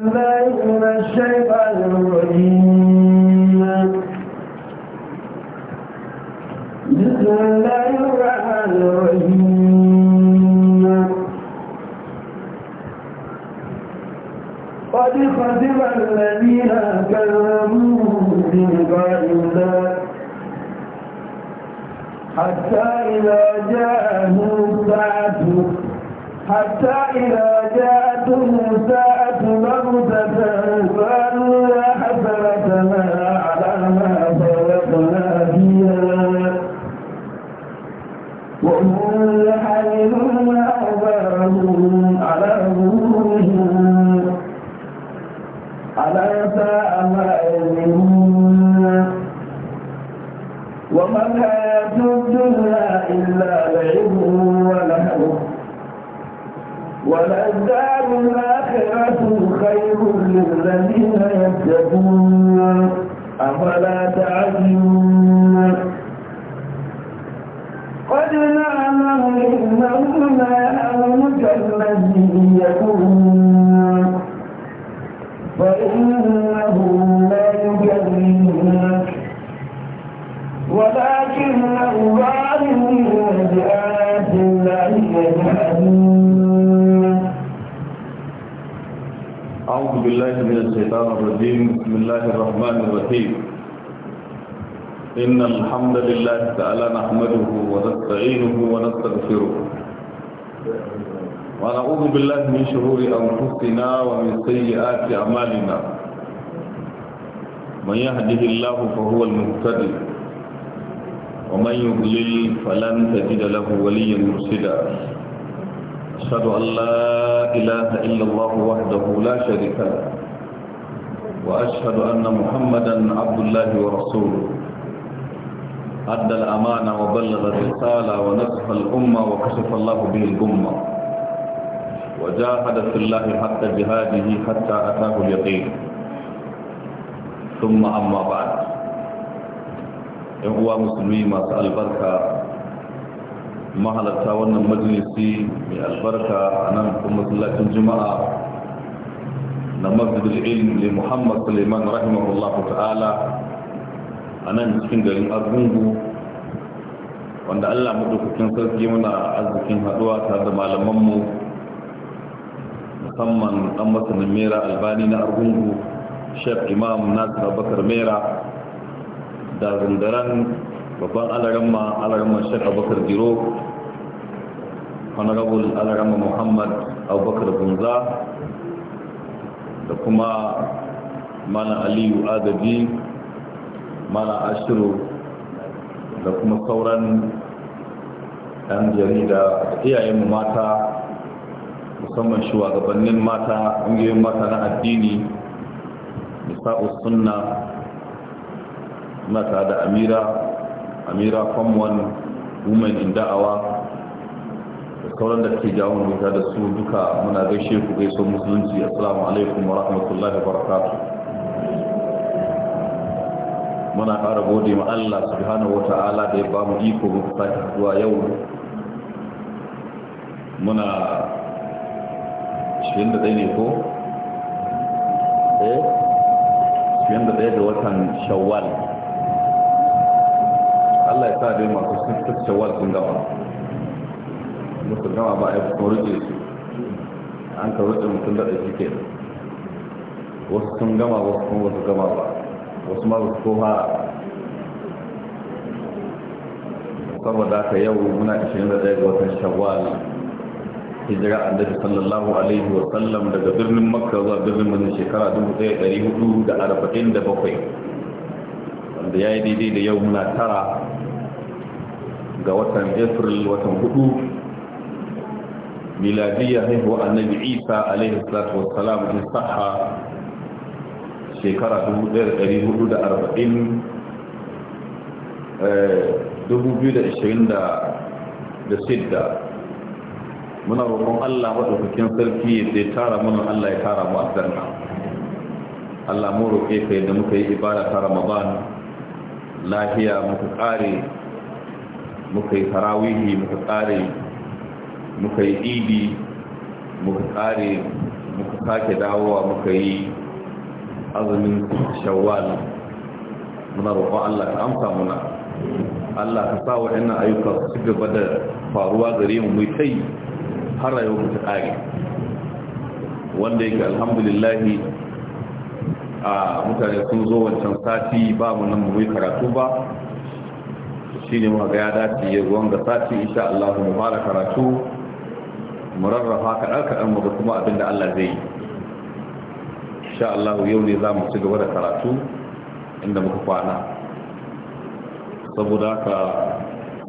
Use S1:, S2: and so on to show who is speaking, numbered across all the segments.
S1: بسم الله الرحمن الرحيم قد الذين حتى إذا جاءهم الساعة حتى إذا
S2: ونعوذ بالله من شرور أنفسنا ومن سيئات أعمالنا من يهده الله فهو المهتدي ومن يضلل فلن تجد له وليا مرشدا أشهد أن لا إله إلا الله وحده لا شريك له وأشهد أن محمدا عبد الله ورسوله أدى الأمانة وبلغ الرسالة ونصف الأمة وكشف الله به الأمة وجاهد في الله حتى جهاده حتى أتاه اليقين ثم أما بعد إخوة مسلمين ما سأل بركة ما هل تاون مجلسي من البركة أنا أمة الله الجمعة نمزد العلم لمحمد سليمان رحمه الله تعالى a nan cikin garin argungu wanda allah madaukakin sarki muna arzikin haduwa tare da malamanmu musamman dan masanin mera albani na argungu shek imam nasir abakar mera da zundaran babban alaramma alaramma shek abakar jiro honorable alaramma muhammad abubakar bunza da kuma malam aliyu agaji mana ashiru da kuma sauran ɗan jarida da iyayenmu mata musamman shugabannin mata ƙungiyoyin mata na addini nisa'us sunna mata da amira amira famwan women in da'awa da sauran da ke jawo wuta da su duka muna gaishe ku gaiso musulunci assalamu alaikum wa rahmatullahi wa barakatu. muna ƙara gode ma Allah subhanahu wata'ala da ya ba mu iko muka sake zuwa yau muna ɗaya ne ko? eh 21 da watan shawwal Allah ya sa dai masu siftar shawwal sun gama musu gama ba a yi kuma rike su an ka rike mutum da ɗaya suke wasu sun gama wasu kuma wasu gama ba wasu ma wasu ko saboda ka yau muna 21 ga watan shawwal hijira annabi sallallahu alaihi wa sallam daga birnin makka zuwa birnin mazi shekara 1447 wanda ya yi daidai da yau muna tara ga watan april watan hudu miladiyya haihuwa annabi isa alaihi salatu salam in saha shekara 1440 2026 eh, muna roƙon Allah maɗaukakin sarki da tara mana Allah ya tara mu azanna Allah mu roƙe ka yadda muka yi ibada ta Ramadan lafiya muka ƙare muka yi tarawihi muka ƙare muka yi idi muka ƙare muka sake dawowa muka yi azumin shawwal muna roƙo Allah ka amsa muna Allah ka sa wa'annan ayyuka su gaba da faruwa gare mu mai kai har rayuwar mu ta kare wanda yake alhamdulillah a mutane sun zo wancan sati ba mu nan mu karatu ba ne mu ga ya dace ya ruwan ga sati insha Allah mu fara karatu mu rarrafa kaɗan kaɗan mu ga kuma abinda Allah zai yi insha Allah yau ne za mu ci gaba da karatu inda muka kwana saboda haka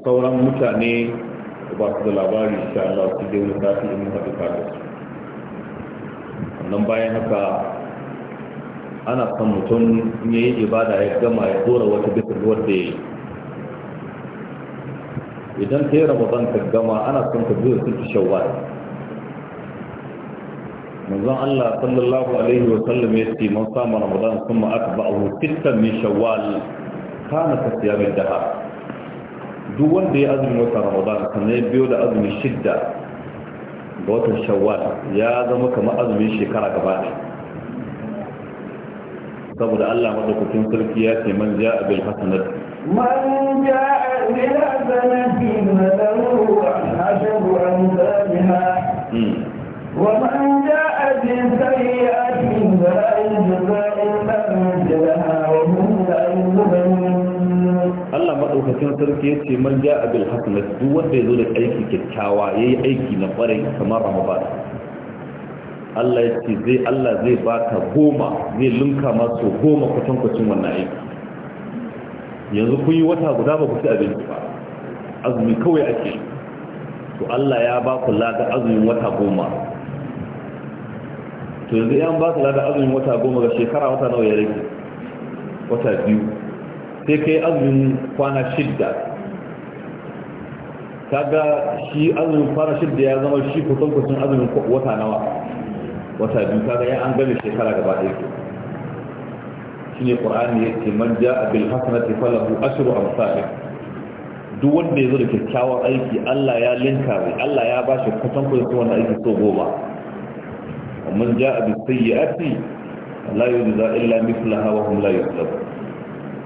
S2: sauran mutane ba su da labari insha Allah su je wani sati in muka duka da su nan bayan haka ana son mutum in yi ibada ya gama ya dora wata bisa wadda ya yi idan ta yi ramadan ka gama ana son ka biyu sun fi shawara manzon Allah sallallahu alaihi wa sallam ya ce man sama ramadan kuma aka ba'ahu sittan min shawwal kana ka siyami daha duk wanda ya azumi wata ramadan sannan ya biyo da azumi shidda ga watan shawwal ya zama kamar azumin shekara gaba ɗaya saboda Allah madaukakin sarki ya ce man ja'a bil hasanati
S1: man ja'a bil hasanati fa lahu ashru amsalha hmm. ومن جاء بسيئة فلا يجزى إلا مثلها وهم لا يظلمون
S2: Allah maɗaukacin sarki ya ce man ja abil hasanat duk wanda ya zo da aiki kyakkyawa ya yi aiki na ƙwarai kamar ramadan Allah ya ce zai Allah zai baka goma zai lunka masu goma kwatankwacin wannan aiki yanzu kun yi wata guda ba ku ci abinci ba azumi kawai ake to Allah ya ba ku lada azumin wata goma to yanzu yan ba su lada azumin wata goma ga shekara wata nawa ya rage wata biyu sai kai azumin kwana shidda ga shi azumin kwana shidda ya zama shi kusan kusan azumin wata nawa wata biyu ga ya an gane shekara gaba ɗaya shi ne ƙwararri ya ce man ja a bilhassanati falahu ashiru amsalin duk wanda ya zo da kyakkyawan aiki allah ya linka mai allah ya ba shi kusan kusan wannan aiki so goma ومن جاء بالسيئات لا يجزى إلا مثلها وهم لا يظلمون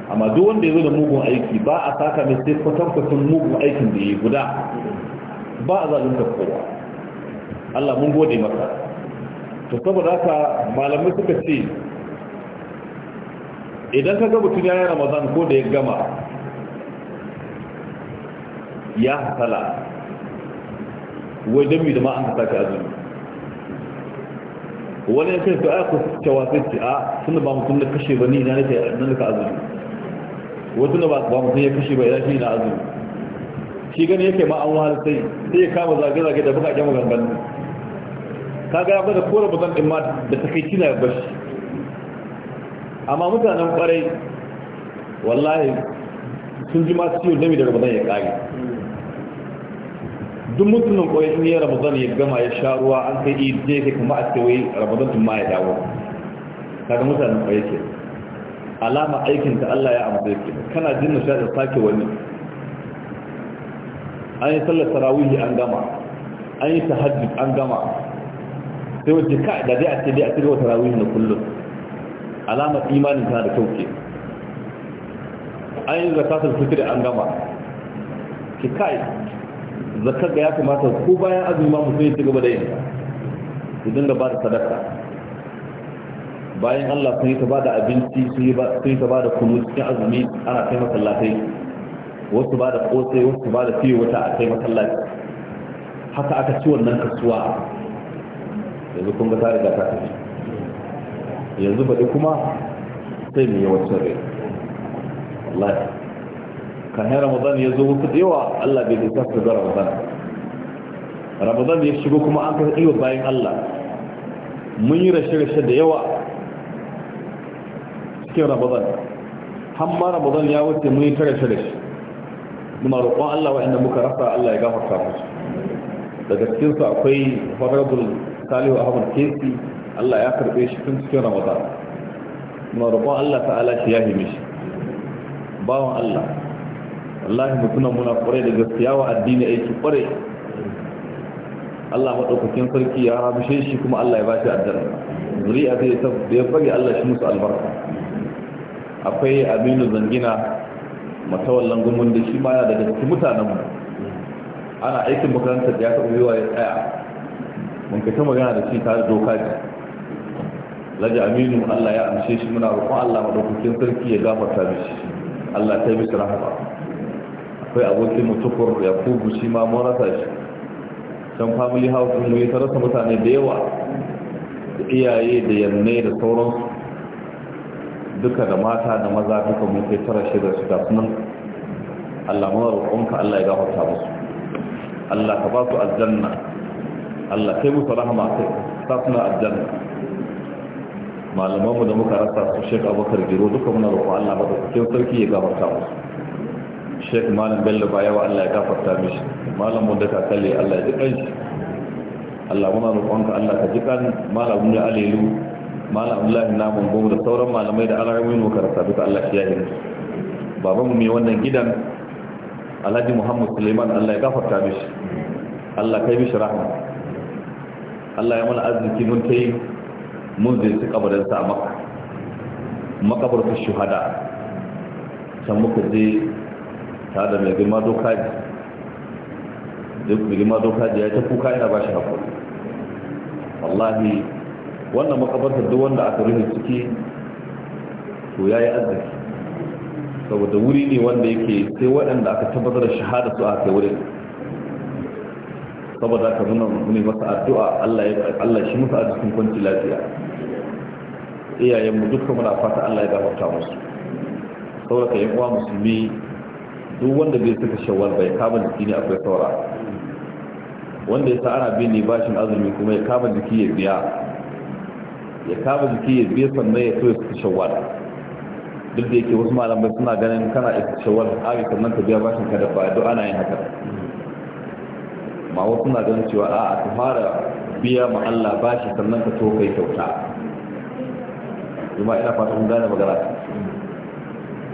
S2: amma duk wanda ya zo da mugun aiki ba a saka mai sai kwatankwatan mugun aikin da ya guda ba a zalunta kowa Allah mun gode maka to saboda haka malamai suka ce idan ka gaba tun yayin ramadan ko da ya gama ya hasala wai dami da ma an saka azumi wani ya kai a ah, ku cewa sai ce a ah, tunda ba mutum ne kashe ba ni ina nake nan ka azumi wato da ba mutum ya kashe ba ina shi na azumi shi gani yake ma an wahala sai sai ya kama zage zage da buka kyan gangan ka ga ba da kora bazan din ma da take na bar shi amma mutanen kwarai wallahi sun ji ma ciwo dami daga bazan ya kage duk mutumin koyi in yi ramadan ya gama ya sha ruwa an kai yi je kai kuma a ce wai ramadan tun ma ya dawo kaga mutanen koyi yake. alama aikin ta Allah ya amsa yake kana jin nishadin sake wani an yi sallar tarawih an gama an yi tahajjud an gama sai wace ka da zai a ce dai a cikin tarawih na kullum alama imanin tana da kyau ke an yi zakatul fitr an gama ki kai zakar ga ya kamata ko bayan azumi ma mutum ya ci gaba da yin su dinga ba da sadaka bayan Allah sun yi ta ba da abinci sun yi ta ba da kunu cikin azumi ana kai masallatai wasu ba da kosai wasu ba da fiye wata a kai masallaci haka aka ci wannan kasuwa yanzu kun ga ta riga ta kashe yanzu baɗi kuma sai mu yi wacce rai wallahi kayan ramadan ya zo muku da yawa allah bai zai tafi da ramadan ramadan ya shigo kuma an kasa iya bayan allah mun yi rashe-rashe da yawa cikin ramadan hamma ramadan ya wuce mun yi ta rashe-rashe muna roƙon allah wa, inda muka rasa allah ya gafarta musu daga su akwai honorable salihu ahmad kesi allah ya karɓe shi tun cikin ramadan muna roƙon allah ta'ala shi ya hime shi bawan allah wallahi mutunan muna kwarai da gaskiya wa addini aiki kware. Allah maɗaukakin sarki ya rabishe shi kuma Allah ya ba shi aljanna zuri'a zai ta da ya fage Allah shi musu albarka akwai Aminu Zangina matawallan gumun da shi ma yana daga cikin mutanen mu ana aikin makarantar ya taɓa yiwa ya tsaya mun kai ta magana da shi tare doka ce Laji Aminu Allah ya amshe shi muna roƙon Allah maɗaukakin sarki ya gafarta mishi Allah ta yi mishi rahama akwai abokin mutukur ya kugu shi ma mun rasa shi can family house mu ya rasa mutane da yawa da iyaye da yanne da sauransu duka da mata da maza duka mun kai tara shida su ga sunan Allah mun roƙonka Allah ya gafarta musu Allah ka ba su aljanna Allah kai musu rahama kai sa suna aljanna mu da muka rasa su Sheikh Abubakar Giro duka muna roƙon Allah ba ta cikin sarki ya gafarta musu shek malam bello ba yawa allah ya gafarta mishi malam wanda ka kalle allah ya ji kan shi allah muna roƙonka allah ka ji kan malam ne alelu malam abdullahi mun gomu da sauran malamai da alamomin karanta duka allah ya yi babanmu mai wannan gidan alhaji muhammad suleiman allah ya gafarta mishi allah kai mishi rahama allah ya mana arziki mun ta yi mun zai su kabarinsa a maka makabarta shuhada can muka je ta da mai girma doka ji duk girma doka ji ya ta kuka yana ba shi haƙuri wallahi wannan makabartar duk wanda aka rufe ciki to ya yi arziki saboda wuri ne wanda yake sai waɗanda aka tabbatar da shahada su aka yi wurin saboda ka nuna ne masa addu'a Allah ya Allah shi musu arzikin kwanci lafiya iyayen mu dukkan muna fata Allah ya gafarta musu saboda ka yi uwa musulmi duk wanda bai suka shawar bai kama jiki ne akwai saura wanda ya sa ana bin ne bashin azumi kuma ya kama jiki ya biya ya kama jiki ya biya sannan ya so ya suka shawar duk da yake wasu malamai suna ganin kana ya isa shawar ari sannan ka biya bashin ka da ba duk ana yin haka ma wasu suna ganin cewa a'a ka fara biya ma Allah bashi sannan ka so kai kyauta kuma ina fata kun gane magana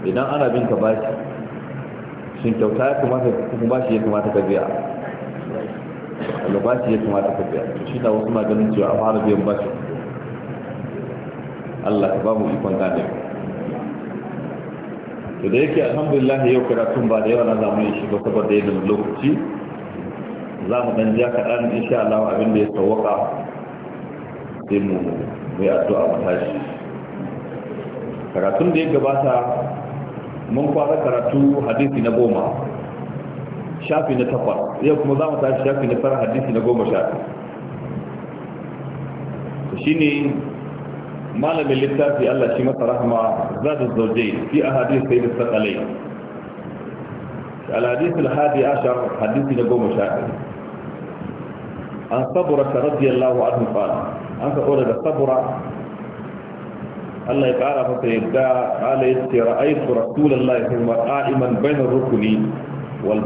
S2: idan ana bin ka bashi shin kyauta ya kamata kuma ba shi ya kamata ka biya shi ya kamata ka biya to shi na wasu maganin cewa a fara biyan ba shi? Allah ka ba mu ikon gane to da yake alhamdulillah yau karatun ba da yawa na zamu yi shi ba saboda yadda lokaci za mu dan ja kaɗan insha Allah abin da ya sauwaka sai mu mu yi addu'a mu tashi karatun da ya gabata mun fara karatu hadisi na goma shafi na takwas yau kuma za mu tashi shafi na fara hadisi na goma shafi shi ne malamin littafi Allah shi masa rahama zada zauje fi a hadisi sai da sakalai الحديث الحادي عشر حديث نقوم شاكر عن صبرة رضي الله عنه قال عن صبرة صبرة Allah ya kara masa yadda kala ya ce ra'ayi ra'aytu rasulullahi sallallahu alaihi qa'iman bainar rukuni wal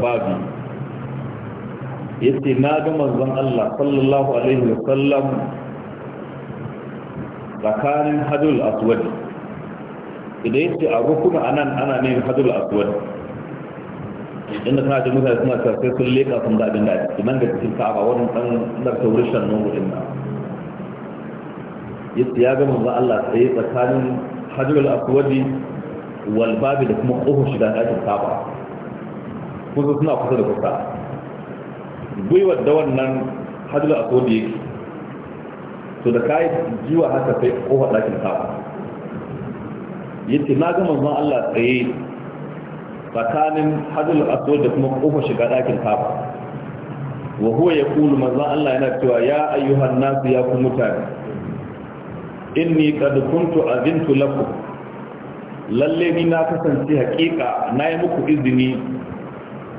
S2: Ya ce na ga manzon Allah sallallahu alaihi wa Sallam tsakanin hadul aswad idan yace a rukuna nan ana ne hadul aswad inda ta ji mutane suna sai sun leka sun da abin da ake nan ga cikin ka'aba wannan dan da taurishan nan wurin nan yace ya ga manzo Allah tsaye tsakanin hajjul aswadi wal babi da kuma kofar shiga ɗakin kaba kusa suna kusa da kusa gwiwar da wannan hajjul aswadi yake to da kai jiwa haka kai kofar ɗakin kaba yace na ga manzo Allah tsaye tsakanin hajjul aswadi da kuma kofar shiga ɗakin kaba wa huwa yaqulu manzo Allah yana cewa ya ayyuhan nasu ya ku mutane inni qad kuntu azintu lakum lalle ni na kasance haƙiƙa na yi muku izini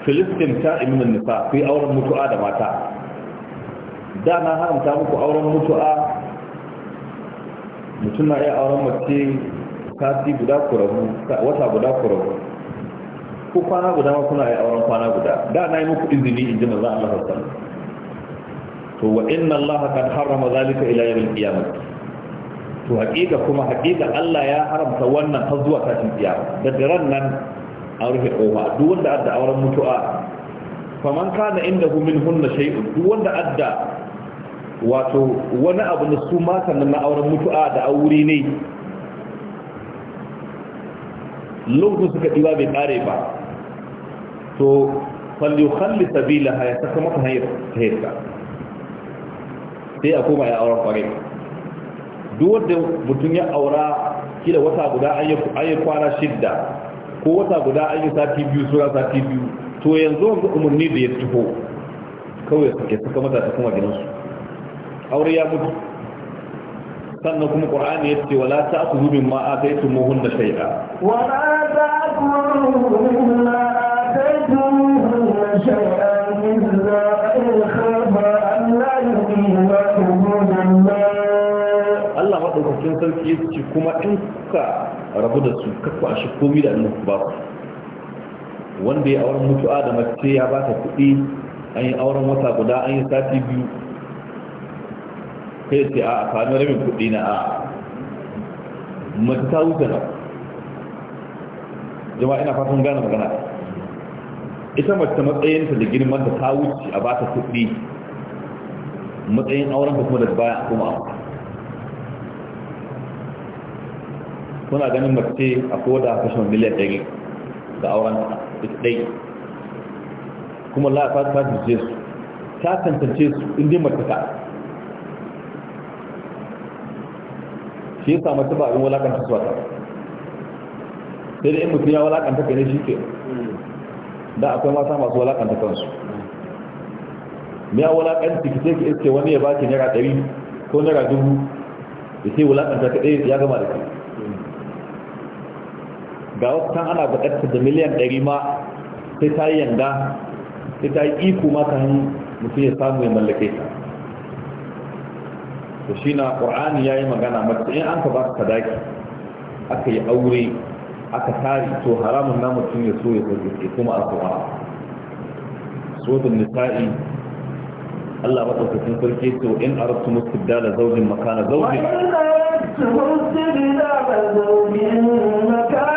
S2: filistin ta imin nisa ku auren mutu'a da mata da na haramta muku auren mutu'a mutum na iya auren mace sati guda kurabu wata guda kurabu ko kwana guda ma kuna iya auren kwana guda da na yi muku izini in ji manzan Allah sallallahu to wa inna Allah qad harrama zalika ila yawm al-qiyamah to haƙiƙa kuma haƙiƙa Allah ya haramta wannan har zuwa tashin kiyama da daren nan an rufe ƙofa duk wanda adda auren mutu'a faman kana indahu min hunna shay'un duk wanda adda wato wani abu na su matan nan na auren mutu'a da aure ne lokacin suka ɗiba bai ƙare ba to falli kalli sabila ya saka mata hanyar ta sai a koma ya auren kwarai duk wanda mutum ya aura kila wata guda an yi kwana shidda ko wata guda an yi sati biyu sura sati biyu to yanzu wanzu umarni da ya tuho kawai suke suka mata ta kuma gidansu aure ya mutu sannan kuma qur'ani yace wala ta'khudhu mimma da shay'a
S1: wala ta'khudhu mimma ataytumuhunna da illa maɗaukakin sarki ya
S2: ce kuma in kuka rabu da su kakwa shi komi da annabi ba su wanda ya auren mutu'a da mace ya ba ta kuɗi an yi auren wata guda an yi sati biyu kai sai a sami rabin kuɗi na a mace ta wuce na jama'a ina fatan gane magana ita mace ta matsayinta da girman ta ta wuce a ba ta kuɗi matsayin auren ta kuma da baya kuma a kuna ganin mace a koda kashe miliyan ɗari da auren ɗai kuma la ta ta jije su ta tantance su inda mace ta shi ya samu tuba abin walakanta su wata sai da in mutum ya walakanta ka ne shi ke da akwai mata masu walakanta kansu me ya walakanta ki sai ki iske wani ya baki naira ɗari ko naira dubu da sai walakanta ka ɗaya ya gama da kai ga wasu ana bukatar da miliyan ɗari ma sai ta yi yanda sai ta yi iko ma kan mutum ya samu ya mallake ta to shi na ƙwa'ani ya yi magana mace in an ka ba ka sadaki aka yi aure aka tari to haramun na mutum ya so ya sauke kuma a su'a sotun nisa'i Allah maɗaukakin sarki to in arabtu da zaujin makana zaujin makana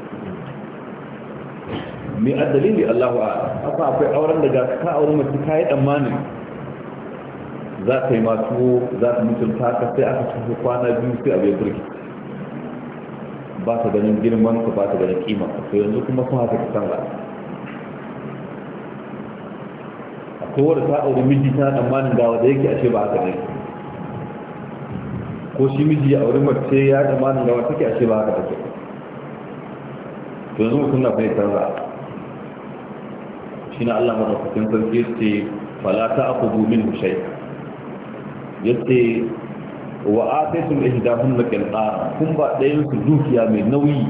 S2: mai adalili Allahu a haka akwai auren da ga ka auren mace ka yi tsammanin za ta yi masu za ta mutunta ka sai aka cikin kwana biyu sai abin ya burki ba ta ganin girman ka ba ta ganin kima ka sai yanzu kuma sun haka kasan ba akwai wadda ta aure miji ta tsammanin gawa da yake ashe ba haka ne ko shi miji ya aure mace ya tsammanin gawa take ashe ba haka take to yanzu mutum na fahimtar ba shi na Allah madaukakin sarki yace fala ta'khudhu minhu shay yace wa ataytum ihdahunna qintar kun ba dayan su dukiya mai nauyi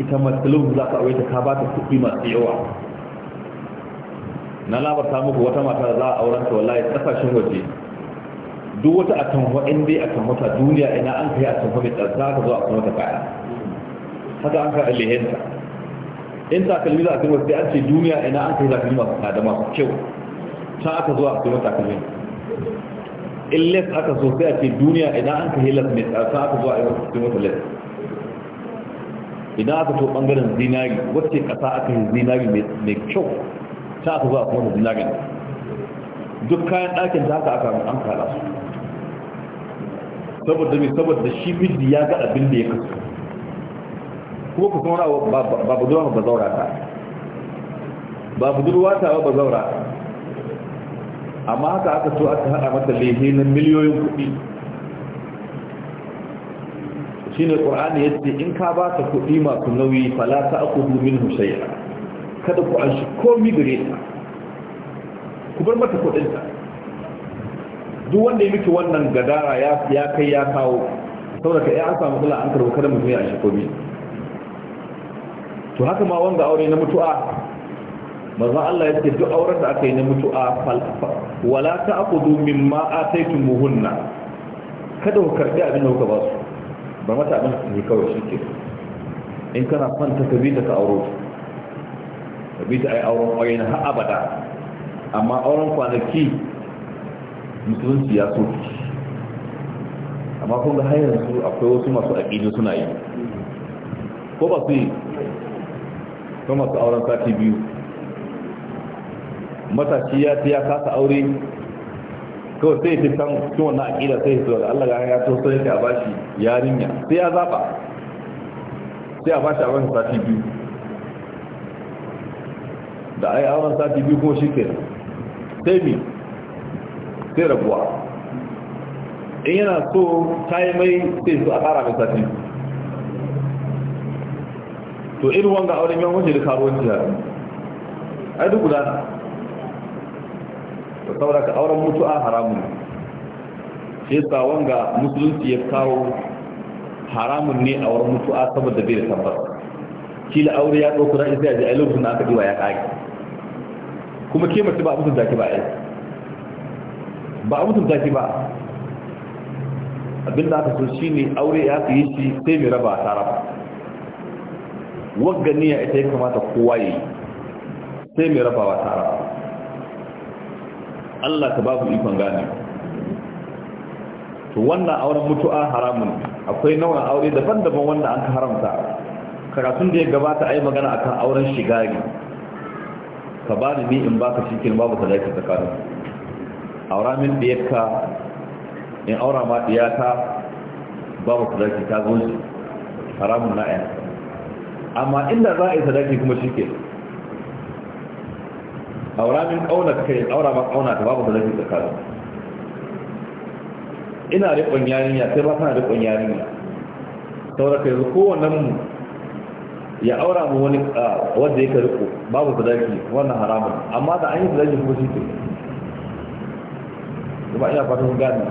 S2: ita matsalin za ka aure ta ka ba ta kuɗi masu yawa na labarta muku wata mata za a auren ta wallahi kasashen waje duk wata a kan in dai a tanfa duniya ina an kai a tanfa mai tsarsa ka zo a kuma ta kaya haka an ka alihenta in takalmi za a kai wasu an ce duniya ina an kai takalmi masu tsada masu kyau ta aka zuwa a kai wasu takalmi in les aka so sai a ce duniya ina an kai les mai tsada ta aka zuwa a kai wata les idan aka so bangaren zinari wacce kasa aka yi zinari mai kyau ta aka zuwa kuma zinari duk kayan ɗakin ta aka aka an kala su saboda mai saboda shi bidi ya ga abin da ya kasu kuma ku saura ba budurwa ba zaura ta ba budurwa ta ba zaura amma haka aka so aka haɗa mata lehe na miliyoyin kuɗi shi ne ƙur'ani ya ce in ka ba ta kuɗi masu nauyi falata aku domin hushayya kada ku an shi komi gare ta ku bar mata kuɗinta duk wanda ya miki wannan gadara ya kai ya kawo saboda ka yi an samu kula an karbo kada mutum ya a shi komi to haka ma wanda aure na mutu'a manzo Allah ya duk auren da aka yi na mutu'a falsafa wala ta'khudhu mimma ataytumuhunna kada ku karbi abin da kuka ba su ba mata abin da ne kawai shi ke in kana son ka bi da ka auro Ka bi da ai auren aure na har abada amma auren kwanaki musulunci ya so amma kun ga har yanzu akwai wasu masu aƙidu suna yi ko ba su yi ta masu auren sati biyu matashi ya ce ya kasa aure kawai sai fi san cikin wannan aƙida sai ya zuwa da Allah ya ya to sai ka bashi yarinya sai ya zaba sai a bashi auren sati biyu da ai auren sati biyu ko shike sai mi sai rabuwa in yana so ta yi mai sai su a ƙara mai sati biyu to irin wanga auren yan waje da karuwanci da ai duk guda to saboda ka auren mutu'a haramun shi yasa wanga musulunci ya kawo haramun ne a wurin mutu'a saboda bai da tabbas kila aure ya ɗauka ran sai a ji a lokacin da aka diwa ya ƙage kuma ke mace ba mutum zaki ba yi ba mutum zaki ba abinda aka so shine aure ya fi yi shi sai mai raba a raba wagganiya ita ya kamata kowa yi sai mai rafawa tara Allah ta babu ikon gane to wannan auren mutu'a haramun akwai nau'in aure daban-daban wanda an ka haramta karatun da ya gabata a yi magana akan auren shigari ka ba ni in ba ka shikin babu ta zaki tsakanin aura min diyarka in aura ma diyata babu ta zaki ta zo haramun na'ayanka amma inda za a yi sadaki kuma shi ke aura min kauna ka kai aura ba ƙauna ta babu sadaki tsakanin ina riƙon yarinya sai ba tana riƙon yarinya saboda kai yanzu kowannen mu ya aura mu wani wanda yake riko babu sadaki wannan haramun amma da an yi sadaki kuma shi ke kuma ina fatan gani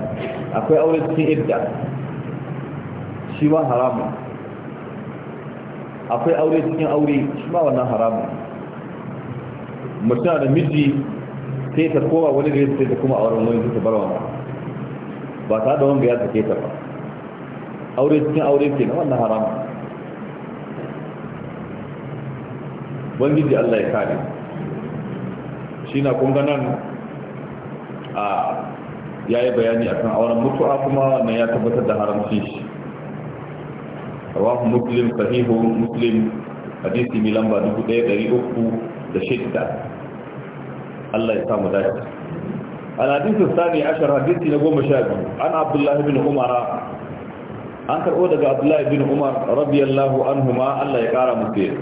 S2: akwai aure cikin idda shi ba haramun akwai aure cikin aure shi ma wannan haramun mutum da miji sai ta kowa wani ya sai ta kuma auren wani ta bar ba ta da wanda ya ke ta ba aure cikin aure ke na wannan haramun ubangiji Allah ya kare shi na kun nan a ya yi bayani akan auren mutuwa kuma na ya tabbatar da haramci shi رواه مسلم صحيح مسلم حديث من لمبا دوكو دي داري اوكو دا شتا الله يسام ذات الحديث الثاني عشر حديث نقوم شاكو عن عبد الله بن عمر عن كرؤودة عبد الله بن عمر رضي الله عنهما الله يقارى مسير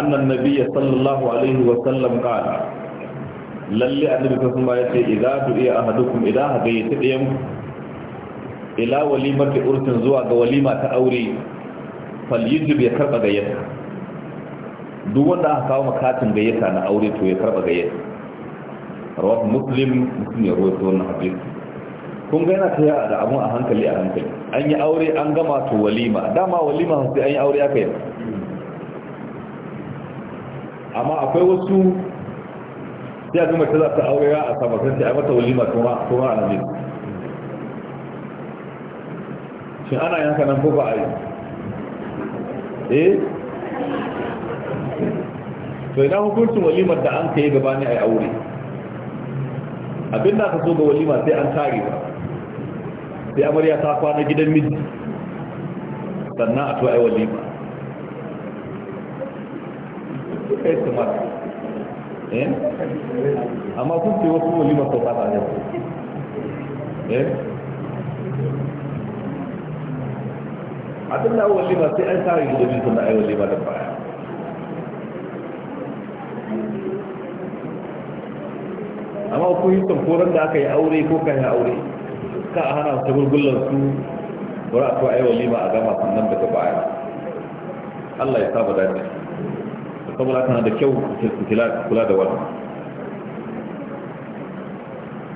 S2: أن النبي صلى الله عليه وسلم قال للي أن النبي صلى إذا دعي أحدكم إذا بيت إيم ila walimati urtin zuwa ga walima ta aure falyujib ya karba gayyata duk wanda aka kawo makatin gayyata na aure to ya karba gayyata rawat muslim mutum ya rawaito wannan hadisi kun ga yana tayar da abun a hankali a hankali an yi aure an gama to walima dama walima sai an yi aure aka yi amma akwai wasu sai a gama ta za ta aure a sabakar sai a mata walima kuma a nan shi ana yanka nan ko ba a yi eh to idan hukuncin walimar da an kai ne a aure abin da ka so ga walima sai an tare ba sai amarya ta kwana gidan miji sannan a to ai walima eh? amma kun ce wasu walimar sau ta ta eh abin da awon lima sai an tare guda biyu suna aiwon lima da baya amma ku yi tsankoron da aka yi aure ko kan yi aure ka a hana su gurgullar su bari a to aiwon lima a gama sannan daga baya Allah ya saba dace saboda kana da kyau kula da wannan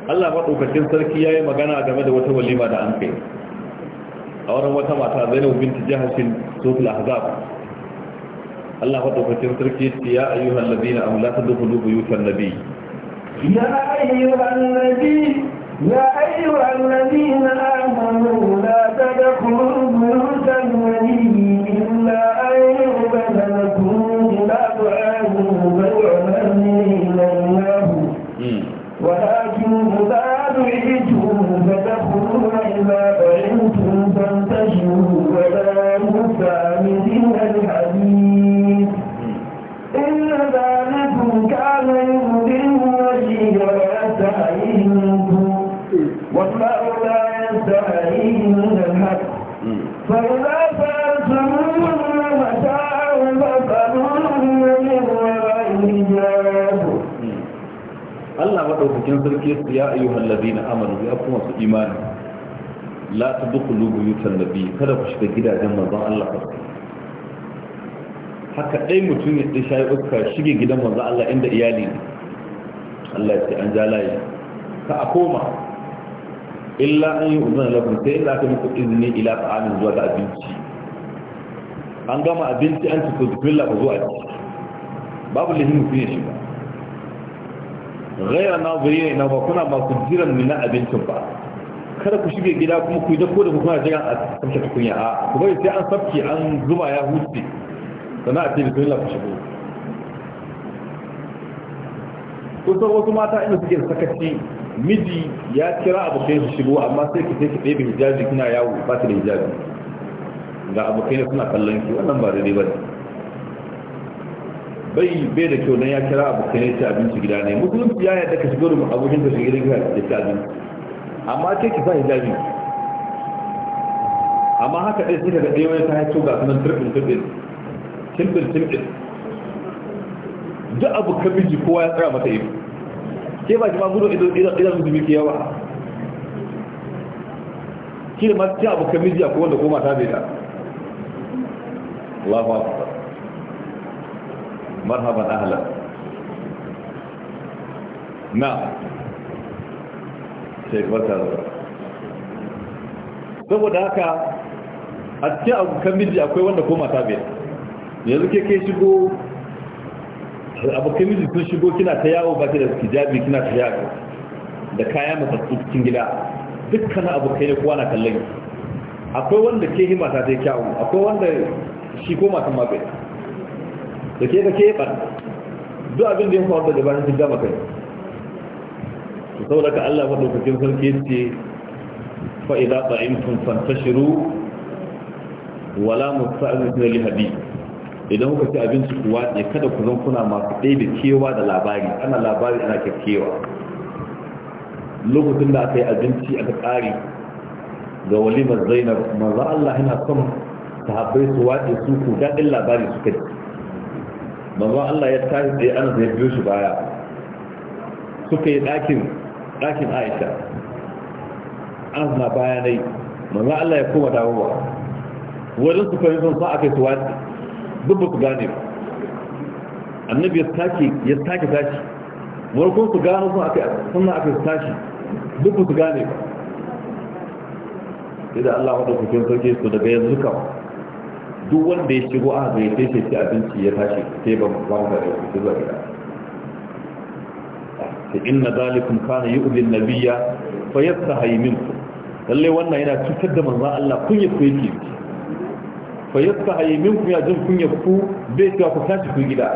S2: Allah maɗaukacin sarki ya yi magana game da wata walima da an kai a wurin wata mata zainab binti jahashin sufil ahzab Allah wa dokokin sarki ce ya ayyuhal ladina am la tadkhulu buyutan nabi
S1: ya ayyuhal nabi ya ayyuhal ladina amanu la tadkhulu buyutan nabi عليه maɗaukakin الحق فإذا سألتموه متاعا فاسألوه من وراء
S2: ya الله مدوكين سركي يا أيها الذين آمنوا يا أقوى إيمان kada ku shiga gidajen manzon Allah haka dai mutum ya shayi uska shige gidan manzon Allah inda iyali Allah ya ce an ja layi ka a koma illa an yi uzun lakum sai illa ka muku izini ila ta'amin zuwa ta abinci an gama abinci an ci kuzukin ku zuwa ci babu lihimu fiye shi ba gaira na zuri na ba kuna masu jiran nuna abincin ba kada ku shige gida kuma ku yi dako da kuma jiran a kamshe tukunya a ku bari sai an sabke an zuba ya huce sannan a ce da ku shigo kusan wasu mata inda suke sakaci miji ya kira abokai su shigo amma sai ki sai ki ɗebe hijabi kina yawo ba ta da hijabi ga abokai suna kallon ki wannan ba daidai ba ne bai bai da kyau nan ya kira abokai ne ta abinci gida ne musulunci ya yadda ka shigo da abokin ka da gida da ci abinci amma sai ki sa hijabi amma haka ɗaya suka ga ɗaya wani ta haito ga sunan turbin turbin timbin timbin duk abu miji kowa ya tsara mata ido ke ba ki ma gudun idan musulmi ke yawa ki da masu abu kamiji a kowanda koma ta zai da Allahu Akbar marhaba ahla na sai barka da saboda haka a cikin abu kamiji akwai wanda koma ta zai yanzu ke ke shigo abokai miji sun shigo kina ta yawo ba da hijabi kina ta yawo da kaya matattu cikin gida dukkanin abokai ne kowa na kallon akwai wanda ke hima ta ta kyawu akwai wanda shi ko matan ma bai da ke ka ke ɓar duk abin da ya faru da bayan sun gama kai to saboda ka Allah madaukakin sarki ce fa idza ta'imtum fantashiru wala musta'zinu li hadith idan kuka ci abinci kuwa ne kada ku zan kuna masu ɗaya da kewa da labari ana labari ana kewa. lokacin da aka yi abinci aka ƙari ga walimar zainab maza Allah yana son ta sahabbai su waɗe su ku daɗin labari su kai. maza Allah ya tashi tsaye ana zai biyo shi baya suka yi ɗakin ɗakin aisha an na bayanai maza Allah ya koma dawowa wajen su fahimtar sa aka yi su waɗe duk ba ku gane ba annabi ya take ya take tashi warkon su gano sun aka sunna aka tashi duk ba su gane ba sai da Allah wadda kuke sauke su daga yanzu ka duk wanda ya shigo a zai sai sai abinci ya tashi sai ba mu ba da ku zuwa gida sai inna zalikum kana yu'li an-nabiyya fayastahi minkum lalle wannan yana cutar da manzon Allah kun yi ku yake fa yasta ayyamin ku ya jin kunya ku bai ta ku tashi ku gida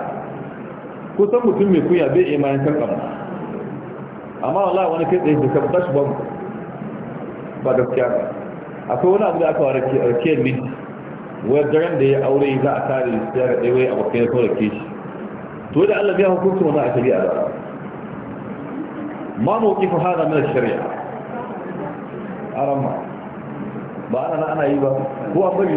S2: ko san mutum mai kunya bai imanin kan kan amma wallahi wani kai tsaye ka tashi ba ba da kiya akwai wani abu da aka ware ki arke min wayar daren da ya aure za a tare shi ya ga ɗaya a bakin kawai ke shi to da Allah ya hukunta wannan a shari'a da ma mawqifu hada min ash-shari'a arama ba ana ana yi ba ko an bari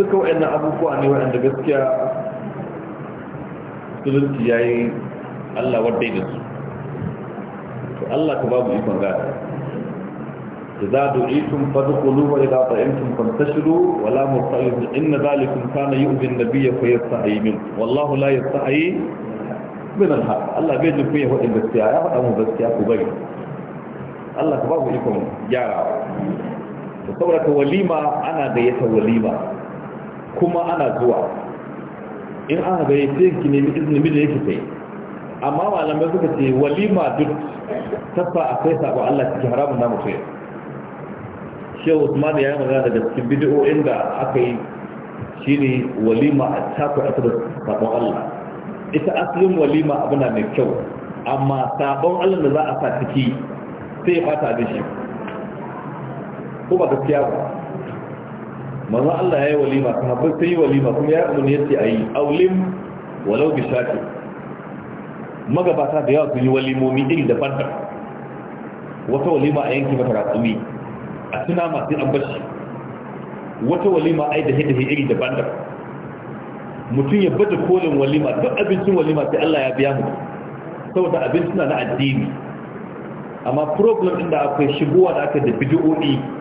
S2: duka wa'annan abubuwa ne wa'anda gaskiya musulunci ya yi allah wadda da su to allah ka babu ikon gada da za a dori tun fadu kulu wa da ta yankin fantashiru wala mursalin inna zalikun kana yi ubin da biya ko yasa a yi min wallahu la yasta a yi min alha allah bai jin kuya waɗin gaskiya ya faɗa mu gaskiya ku bari allah ka babu ikon gyara da saurata walima ana da gayyata walima kuma ana zuwa in aka gari sai ki nemi izinin da yake sai amma malamai suka ce walima duk a akwai sabon Allah cikin haramun namu sai shehu usman ya yi magana daga cikin bidiyo inda aka yi shine walima a tafa a da sabon Allah ita asalin walima abuna mai kyau amma sabon Allah da za a sa ciki sai ya fata da shi ko ba gaskiya ba manzo Allah yayi walima kuma ba sai walima kuma ya umarni yace ayi aulim walau bi shati magabata da yawa sun yi walimomi iri da fanta wata walima a yanki mata ratsumi a tuna masu an bashi wata walima ai da hidda iri da daban mutum ya bada kolin walima duk abincin walima sai Allah ya biya mu saboda abincin na addini amma problem din da akwai shigowa da aka da bid'o'i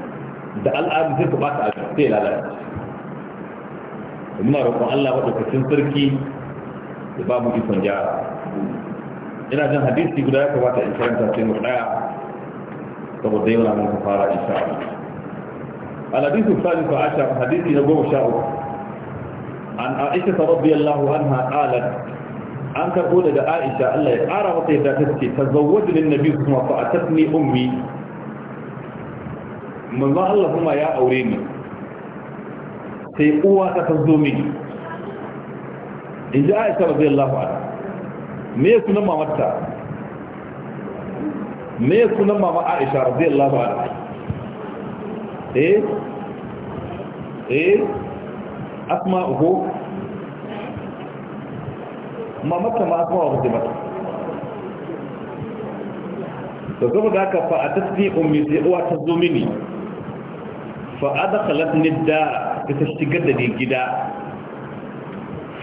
S2: da al'adu sai ka ba ta al'adu sai lalata muna roƙon Allah maɗaukacin sarki da ba mu ikon gyara ina jin hadisi guda ya kamata in karanta sai mu ɗaya saboda yau na mun fara insha Allah الحديث الثالث عشر حديث نبوه شعر عن عائشة رضي الله عنها قالت أنك قول لعائشة الله يقارى وطيداتك تزوجني النبي صلى الله عليه وسلم فأتتني manzo Allah kuma ya aure ni sai uwa ta zo mini in ji aisha radiyallahu anha me ya sunan mamarta me ya kuna mama aisha radiyallahu anha eh eh asma uku mamarta ma asma wa mata da saboda haka fa a tasbi ummi sai uwa ta zo mini da نداء بتشتقد دي جدا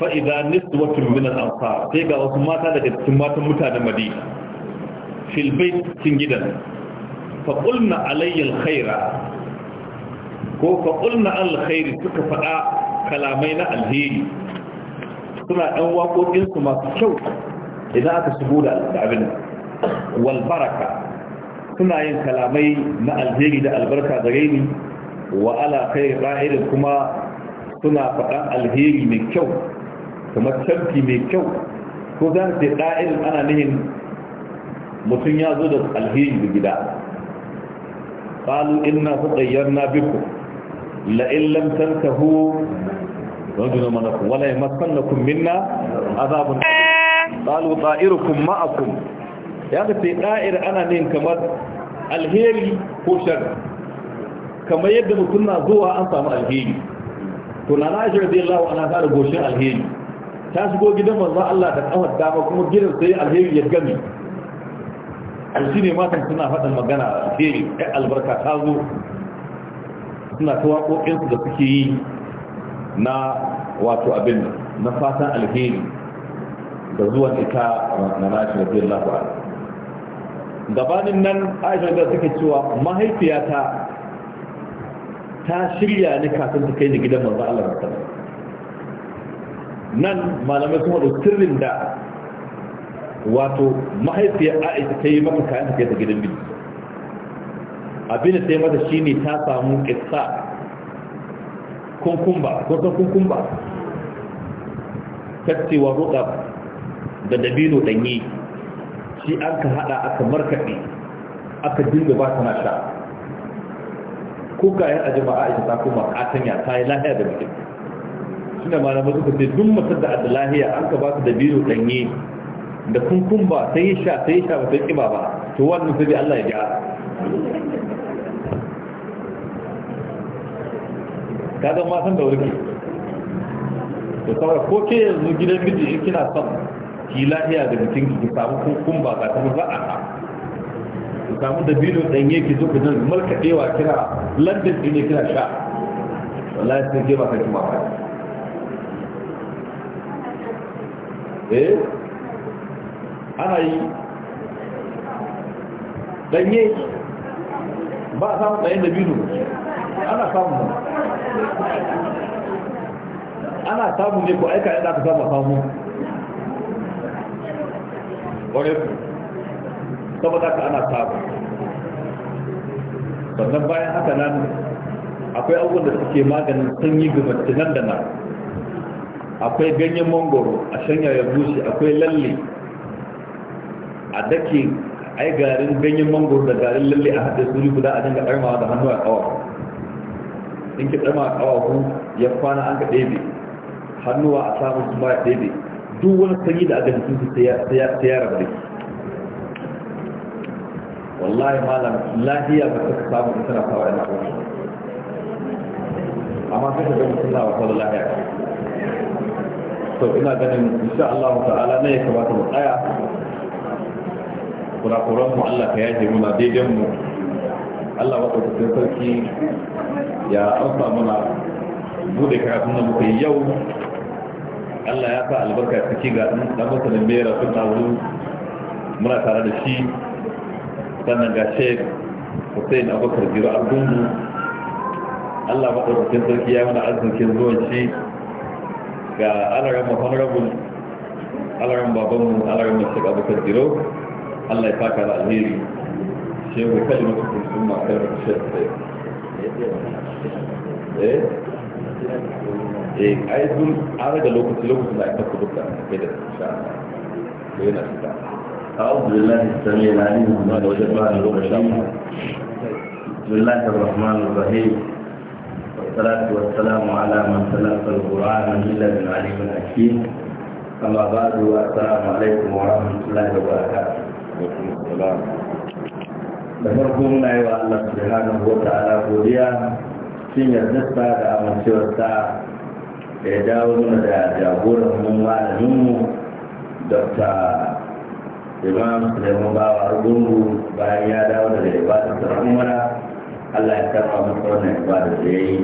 S2: فإذا نسوة من الأنصار تيجا وسمات هذا تمات متانا madi. في البيت gidan. فقلنا علي الخير ko faƙulna alkhairi suka faɗa kalamai na alheri suna ɗan waƙoƙinsu masu kyau idan aka shigo da abin walbaraka suna yin kalamai na alheri da albarka da raini wa ala kai ra'irin kuma suna faɗan alheri mai kyau kuma canfi mai kyau ko za ce ra'irin ana nihin mutum ya zo da alheri da gida قالوا إنا تطيرنا بكم لئن لم تنتهوا رجل منكم ولا يمسنكم منا عذاب قالوا طائركم Ya يعني في طائر ana نين kamar alheri ko شر kamar yadda mutum na zuwa an samu alheri to na na da goshin alheri ta shigo gidan manzo Allah da kawar dama kuma gidan sai alheri ya gami alshi ne matan suna faɗin magana alheri ɗan albarka ta zo suna ta waƙoƙinsu da suke yi na wato abin na fatan alheri da zuwan ita na nashi radiyallahu gabanin nan aisha da suke cewa mahaifiyata ta shirya ni kafin ta kai ni gidan manzo Allah ta nan malamai sun hado sirrin da wato mahaifiyar Aisha ta yi maka kayan ta kai ta gidan biyu. abin da ta yi mata shine ta samu kissa kunkumba ko ta kunkumba wa rukab da dabino danyi shi an ka hada aka markaɗe aka dinga ba ta na sha ko ga yan ajima aisha ta kuma katanya ta yi lahiya da mutum shi da malamai suka sai dun matar da adda lahiya an ka ba su da biyu danye da kunkun ba ta yi sha ta yi sha ba ta kiba ba to wannan sai Allah ya ja ka zama matan da wurki to saboda ko ke yanzu gidan miji in kina son ki lahiya da mutum ki samu kunkun ba ka ta ba a samu da bino danye ki zo ku malka malkadewa kira london ne kira sha wallahi sai ke baka kuma ba eh ana yi danye ba a samu ɗayan da bino ana samu ana samu ne ko aika yadda ka samu samu ƙwarai saboda ka ana saba sannan bayan haka nan akwai abubuwan da suke maganin sanyi ga mace nan da nan akwai ganyen mangoro a shanya ya bushe akwai lalle a dake ai garin ganyen mangoro da garin lalle a haɗe suri guda a dinga ɗarmawa da hannu a ƙawa in ki ɗarma a ƙawa ku ya kwana an ka ɗebe hannuwa a samun su ma ya ɗebe duk wani sanyi da aka jikin su sai ya rabu da wallahi malam lahiya ba ta samu da tana sawa yana wuce amma suka ga mutum na wasu lahiya to ina ganin insha Allah ta'ala ne ya kamata mu tsaya kurakuran mu Allah ka yaje muna daidan mu Allah wa ɗaukakin sarki ya amsa mana bude karatun na muke yau Allah ya sa albarka ciki ga ɗan masanin bera sun na muna tare da shi sannan ga shek hussein abubakar jiro abdullu allah maɗaukakin sarki ya mana arzikin zuwan shi ga alaran mafanarabun alaran babanmu alaran masu abubakar jiro allah ya faka da alheri kai kalmar kusur ma kalmar shek eh eh ai sun ara da lokaci lokacin da aka kudu da kai da sha'a yana shiga أعوذ بالله السميع العليم من الشيطان الرجيم بسم الله الرحمن الرحيم والصلاة والسلام على من تلقى القرآن إلا من عليم حكيم أما بعد والسلام عليكم ورحمة الله وبركاته وعليكم السلام da farko muna yi wa Allah subhanahu wa ta'ala godiya shin yardarsa da amincewarsa da ya dawo mana da jagoran mu malamin mu Dr. imam sulaiman bawa gungu bayan ya dawo daga ibadar sa umara Allah ya karɓa masa wannan ibadar da ya yi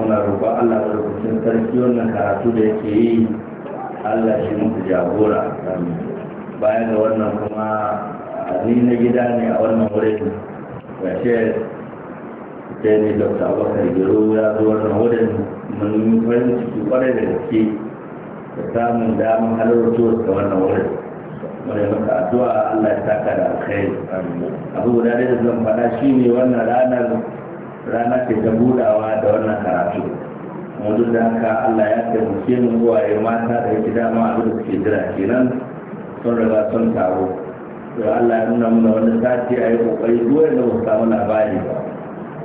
S2: muna roƙon Allah da rubutun sarki wannan karatu da yake yi Allah shi muku jagora bayan da wannan kuma ni na gida ne a wannan wurin ce ta ne dr abubakar gero ya zo wannan wurin mun farin ciki kwarai da gaske da samun damar halartuwar ga wannan wurin mai maka addu'a Allah ya saka da alkhairi abu guda da zan faɗa shine wannan ranar rana ce ta budawa da wannan karatu mu duk da haka Allah ya taimake mu zuwa ya mata da yake dama abin da suke jira kenan sun riga sun taro to Allah ya nuna mana wani sati a yi kokari duk wanda ba samu labari ba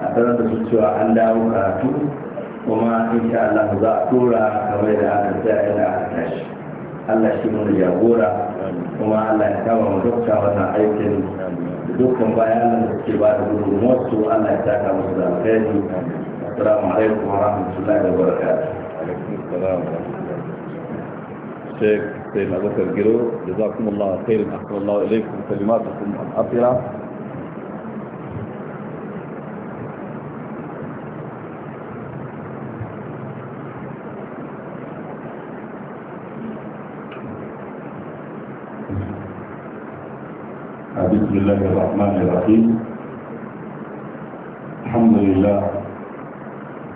S2: a sanar da su cewa an dawo karatu kuma insha Allah za a tura kamar da aka tsaya da aka tashi Allah shi mun jagora kuma Allah ya kama mu dukkan wannan aikin dukkan bayanan da suke ba da gudunmuwar su Allah ya taka musu da alkhairi assalamu alaikum wa rahmatullahi wa barakatuh alaikum assalam wa rahmatullahi Sheikh Sayyid Abubakar Giro jazakumullahu khairan ahsanallahu ilaykum kalimatukum al-athira بسم الله الرحمن الرحيم الحمد لله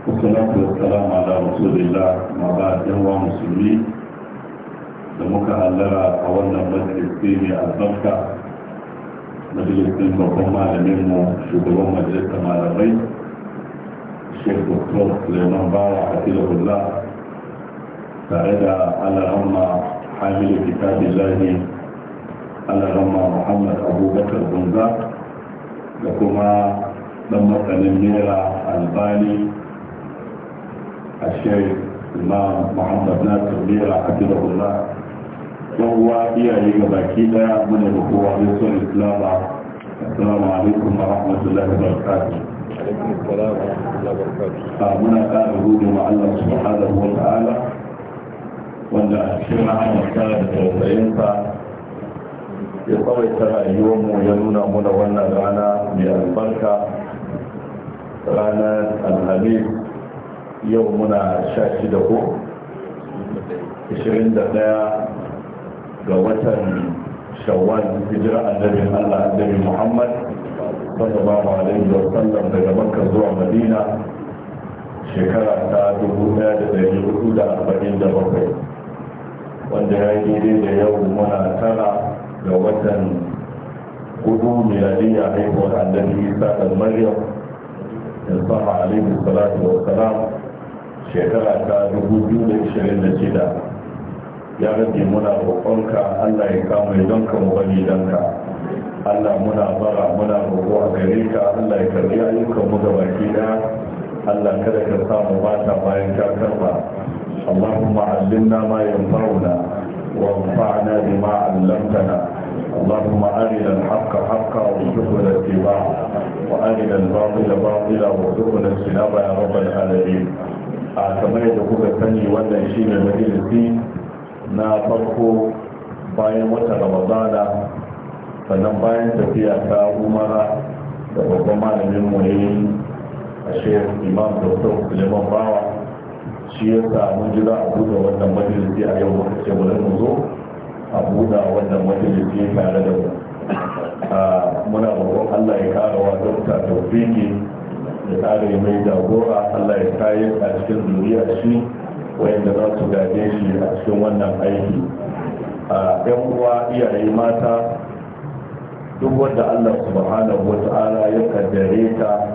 S2: والصلاة والسلام على رسول الله ما بعد هو مسلمين لمك ألرى أولا مجلس فيه البركة مجلس بكم على منه شكرا مجلس ما الرئيس الشيخ دكتور سليمان باوع حفظه الله تعالى على أما حامل كتاب الله اللهم محمد ابو بكر بن زاد لكما لما تنميرا الباني الشيخ الإمام محمد ناصر ميرا حفظه الله وهو إيا إيجا باكيدا من الأخوة يسر الإسلام السلام عليكم ورحمة الله وبركاته السلام عليكم ورحمة الله وبركاته فمنا كان وجود مع سبحانه وتعالى وأن الشيخ محمد صالح وسيمتع ya tsawaita mu ya nuna muna wannan rana mai albarka ranar alhamis yau muna sha shida ko 21 ga watan shawwal hijira annabin allah annabi muhammad sallallahu alaihi wa sallam daga makka zuwa madina shekara ta 1447 wanda ya yi daidai da yau muna tara ga watan hudu miladiyya haihuwar annabi isa da maryam da sama alaihi salatu wa salam shekara ta dubu biyu da da ishirin 2026 ya rage muna roƙonka allah ya kama don ka mu bani don ka allah muna bara muna roƙo a gare ka allah ya karbi ayyukan mu gabaki daya allah kada ka samu bata bayan ka karba اللهم علمنا ما ينفعنا وانفعنا بما علمتنا اللهم أرنا الحق حقا وارزقنا اتباعه da الباطل باطلا وارزقنا اجتنابه يا رب العالمين a kamar yadda kuka sani wannan shi ne majalisi na farko bayan wata ramadana sannan bayan tafiya ta umara da babban malamin mu ne a shehar imam bawa shi ya sa mun ji za a buɗe wannan majalisi a yau muka ce bari mu zo a buɗe wannan majalisi tare da mu muna roƙon Allah ya kara wa dokta tawfiki ya kare mai jagora Allah ya kayi a cikin zuriya shi wayanda za su gaje shi a cikin wannan aiki a yan uwa iyaye mata duk wanda Allah subhanahu wa ta'ala ya kaddare ta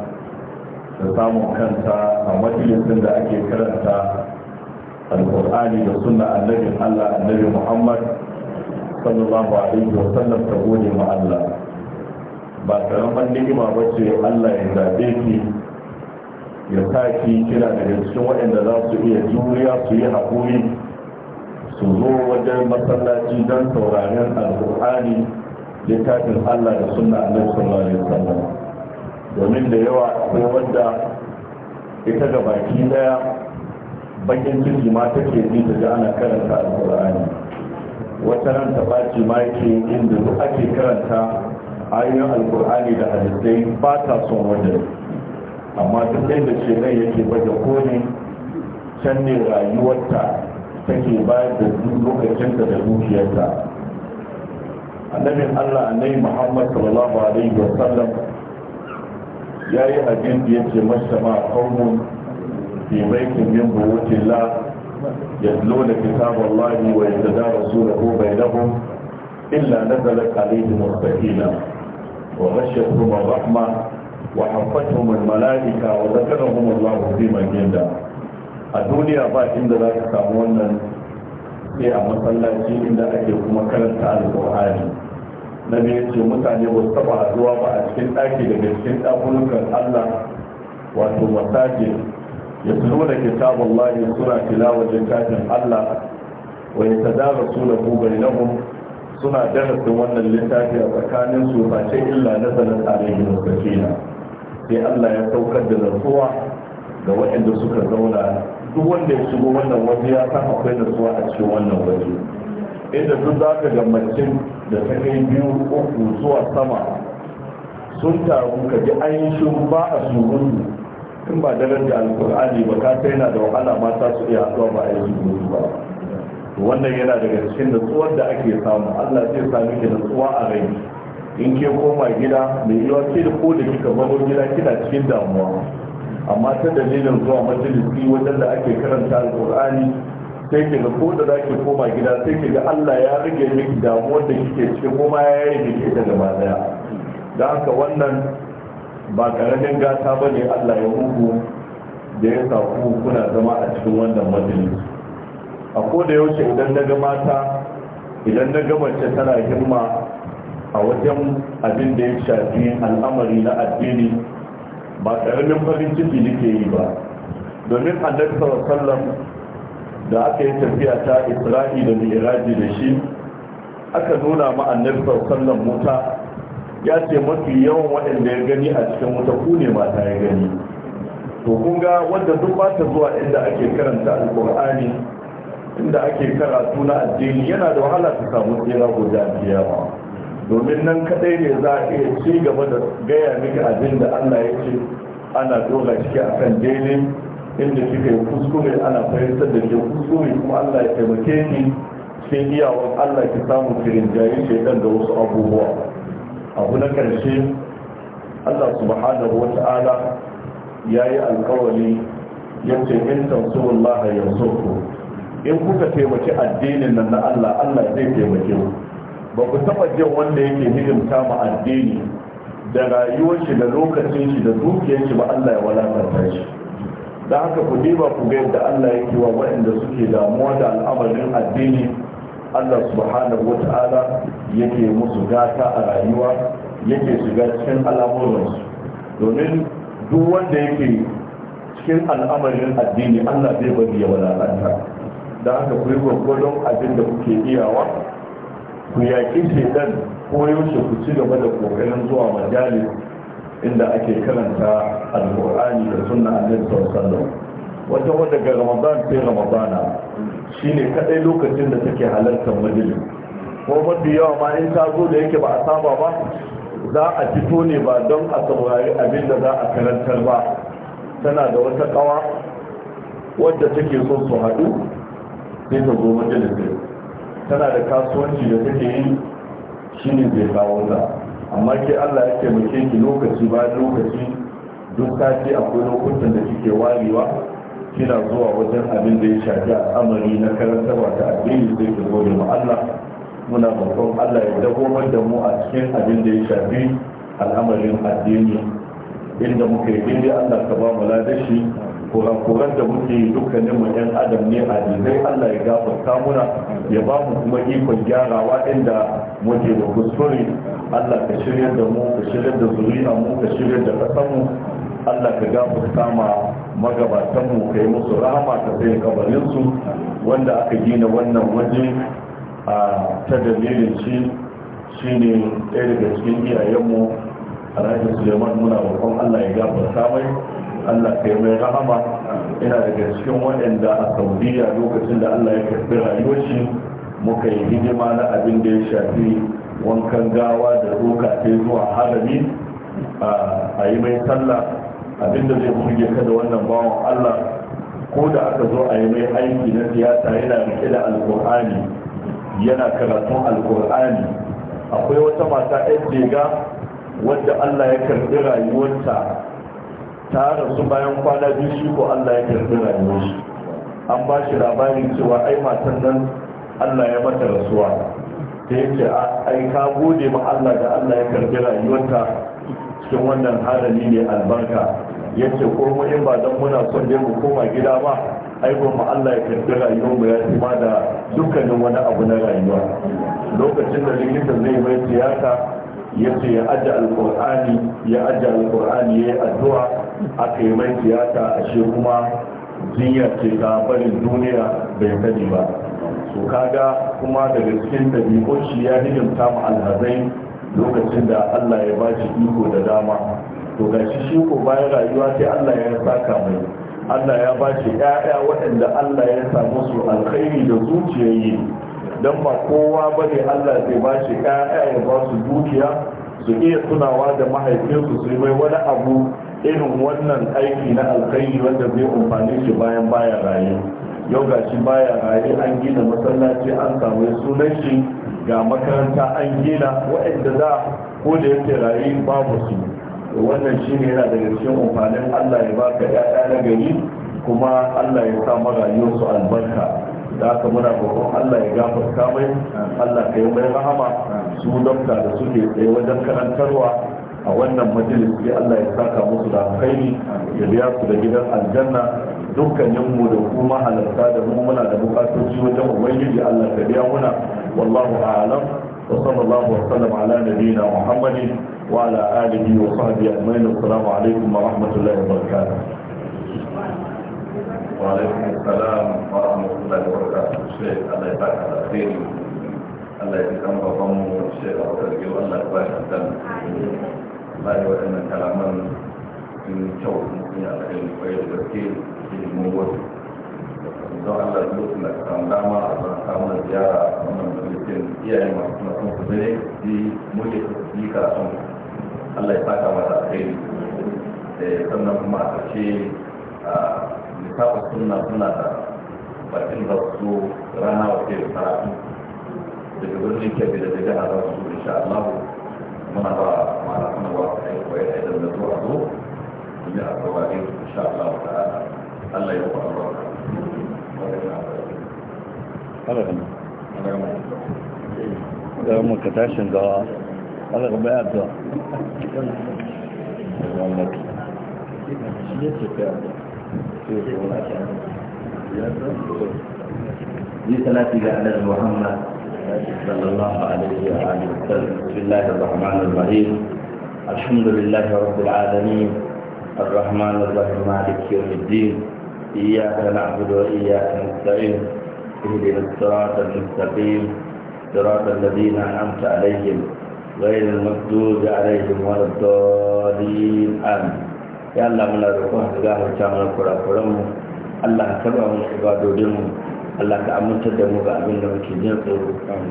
S2: da samun kanta a majalisun da ake karanta alkur'ani da suna annabin allah annabi muhammad sallallahu alaihi wa sallam ta gode ma allah ba karamar ni'ima ba ce allah ya zaɓe ki ya sa ki kira daga cikin waɗanda za su iya juriya su yi haƙuri su zo wajen masallaci don sauraren alkur'ani littafin allah da suna annabi sallallahu alaihi wa sallam domin da yawa akwai wadda ita ga baki daya bakin ciki ma take ji da ana karanta alkur'ani wata ran ta baci ma yake inda duk ake karanta ayoyin alkur'ani da hadisai ba ta son wajen amma duk da ce rai yake baje koli can ne rayuwarta take bayar da lokacinta da dukiyarta annabin allah annabi muhammad sallallahu alaihi wasallam ya yi abin da yake masama kaunin fi baikin min buwuti la yatluna kitab Allah wa yatadarasunahu dahu illa nazalat alaihim as-sakina wa ghashiyatuhum ar-rahma wa hafatthum al-malaika wa dhakarahum Allah fi man inda a duniya ba inda za ka samu wannan sai a masallaci inda ake kuma karanta alƙur'ani na biyu ce mutane ba su taba haduwa ba a cikin ɗaki daga cikin ɗakunan allah wato masaje ya tuno da kitabun lahi suna tilawajin littafin allah wa ya ta dara su da na nahun suna darasin wannan littafi a tsakanin su illa na sanar tarihi da sai allah ya saukar da nasuwa ga waɗanda suka zauna duk wanda ya shigo wannan waje ya san akwai nasuwa a cikin wannan waje inda duk za ka ga macin da ta kai biyu uku zuwa sama sun taru ka ji ainihin ba a surun in ba daren da alkur'ani ba ka sai na da wahala mata su iya haɗuwa ba a yi surun ba wannan yana daga cikin natsuwar da ake samu allah zai sami ki natsuwa a rai in ke koma gida mai yiwa ke da ko da kika baro gida kina cikin damuwa amma ta dalilin zuwa majalisi wajen da ake karanta alkur'ani sai ke ga da za ki koma gida sai ke ga Allah ya rage miki damuwar da kike cikin kuma ya yi miki ta gaba daya da haka wannan ba karamin gata ba ne Allah ya muku da ya sa kuna zama a cikin wannan majalis a ko da yaushe idan na ga mata idan na ga mace tana himma a wajen abin da ya shafi al'amari na addini ba karamin farin ciki nake yi ba domin annabi sallallahu alaihi da aka yi tafiya ta isra'i da mi'raji da shi aka nuna ma annabi sallan mota ya ce mafi yawan waɗanda ya gani a cikin wuta ku ne mata ya gani to kun ga wanda duk ba ta zuwa inda ake karanta alkur'ani inda ake karatu na addini yana da wahala ta samu tsira guda biya domin nan kadai ne za a iya ci gaba da gaya miki abin da allah ya ce ana dora shi akan daidai inda kika yi kuskure ana fahimtar da ke kuskure kuma allah ya taimake ni sai iyawan allah ki samu kirin jayi shaidan da wasu abubuwa abu na karshe allah subhanahu wa ta'ala ya yi alkawari ya ce in ya yansurku in kuka taimaki addinin nan na allah allah zai taimake ku ba ku taba jin wanda yake hidimta ma addini da rayuwar shi da lokacin shi da dukiyar shi ba Allah ya walakanta shi da haka ku diba ku ga yadda Allah yake wa waɗanda suke damuwa da al'amarin addini Allah subhanahu wa ta'ala yake musu gata a rayuwa yake shiga cikin al'amuransu domin duk wanda yake cikin al'amarin addini Allah zai bari ya walalanta da haka ku yi gwagwadon abin da kuke iyawa ku yaƙi shaidan ko yaushe ku ci gaba da ƙoƙarin zuwa majalis inda ake karanta alkur'ani da sunna annabi sallallahu wajen wadda ga ramadan sai ramadana shine kadai lokacin da take halartar majalis ko mafi yawa ma in ta zo da yake ba a saba ba za a fito ne ba don a saurari abin da za a karantar ba tana da wata kawa wadda take so su haɗu sai ta zo majalis tana da kasuwanci da take yi shi ne zai kawo ta amma ke allah ya taimake ki lokaci ba lokaci duk sati akwai lokutan da kike warewa kina zuwa wajen abin da ya shafi al'amari na karantarwa ta addini sai ki gode mu allah muna babban allah ya dagomar da mu a cikin abin da ya shafi al'amarin addini inda muka yi daidai allah ka ba mu ladashi kurakuran da muke dukkanin mu yan adam ne a dinai Allah ya gafarta muna ya ba mu kuma ikon gyarawa inda muke da kuskure Allah ka shirya da mu ka shirya da zuriya mu ka shirya da kasa mu Allah ka gafarta ma magabatan mu kai musu rahama ka sai kabarin su wanda aka gina wannan waje a ta dalilin shi shine ɗaya daga cikin iyayenmu rajin suleiman muna roƙon allah ya gafarta mai Allah kai mai rahama ina daga cikin waɗanda a saudiya lokacin da Allah ya karɓi rayuwar shi muka yi hidima na abin da ya shafi wankan gawa da doka ta zuwa harami a yi mai sallah abin da zai burge ka da wannan bawan Allah ko da aka zo a yi mai aiki na siyasa yana rike da alkur'ani yana karatun alkur'ani akwai wata mata 'yan jega wadda Allah ya karɓi rayuwarta ta rasu bayan kwana biyu shi ko Allah ya karbi rayuwar shi an ba shi labarin cewa ai matan nan Allah ya mata rasuwa da yake ai ka gode ma Allah da Allah ya karbi rayuwarta cikin wannan halali ne albarka yace ko mu in ba dan muna son dai mu koma gida ba ai ko mu Allah ya karbi rayuwar mu ya ci ma da dukkanin wani abu na rayuwa lokacin da likita zai mai tiyata yace ya aje alqur'ani ya aje alqur'ani ya addu'a a yi mai tiyata a shi kuma jinya ce ta barin duniya bai sani ba su kaga kuma daga cikin ɗabi'un shi ya hidimta mu alhazai lokacin da allah ya ba shi iko da dama to ga shi shi ko bayan rayuwa sai allah ya saka mai allah ya ba yaya waɗanda allah ya samu su alkhairi da zuciyayi don ba kowa ba allah zai ba yaya ya ba su dukiya su iya tunawa da mahaifinsu su yi mai wani abu irin wannan aiki na alkhairi wanda zai amfani shi bayan baya raye yau ga shi baya raye an gina masallaci an samu sunan shi ga makaranta an gina waɗanda za ko da yake raye babu su wannan shi ne yana daga cikin amfanin allah ya baka yaya na gari kuma allah ya sa su albarka da aka muna babban allah ya gafarta mai allah ka yi mai rahama su dokta da suke tsaye wajen karantarwa a wannan majalis majalisi Allah ya saka musu da alkhairi ya biya su da gidan aljanna dukkanin mu da kuma halarta da mu muna da bukatoci wajen ubangiji Allah ka biya muna wallahu a'lam wa sallallahu wa sallam ala nabiyyina muhammadin wa ala alihi wa sahbihi ajma'in assalamu alaikum wa rahmatullahi wa barakatuh wa alaikum assalam wa rahmatullahi wa barakatuh sai Allah ya saka da alkhairi Allah ya kan babanmu Syekh Abdul Ghani Allah ya baik dan bayan waɗannan kalaman sun kyau mutum ya alƙari kwayar da ke ilimin wasu don allah duk suna samu dama a zan samun ziyara a wannan majalisin iyaye masu suna son su zane yi muke su yi karatun allah ya saka mata a kai da eh, ya sannan kuma a ƙarshe a littafin suna suna da bakin za su rana wa ke karatu daga birnin kebe da daga na su insha allahu muna ba malaman wa kai koyar da idan da zuwa zo in yi alkawari insha Allah ta'ala Allah ya ba albarka alaƙa da muka tashin gawa alaƙa bayar da wallaki shi ya ce fiya da ya salati ga annabi Muhammad صلى الله عليه وآله وسلم بسم الله الرحمن الرحيم الحمد لله رب العالمين الرحمن الرحيم مالك يوم الدين إياك نعبد وإياك نستعين اهدنا الصراط المستقيم صراط الذين أنعمت عليهم غير المغضوب عليهم ولا الضالين آمين يا الله من الرقاه تجاه الشام نقول الله تبارك وتعالى ibadodinmu Allah ka amintar da mu ga abin da muke jin tsoro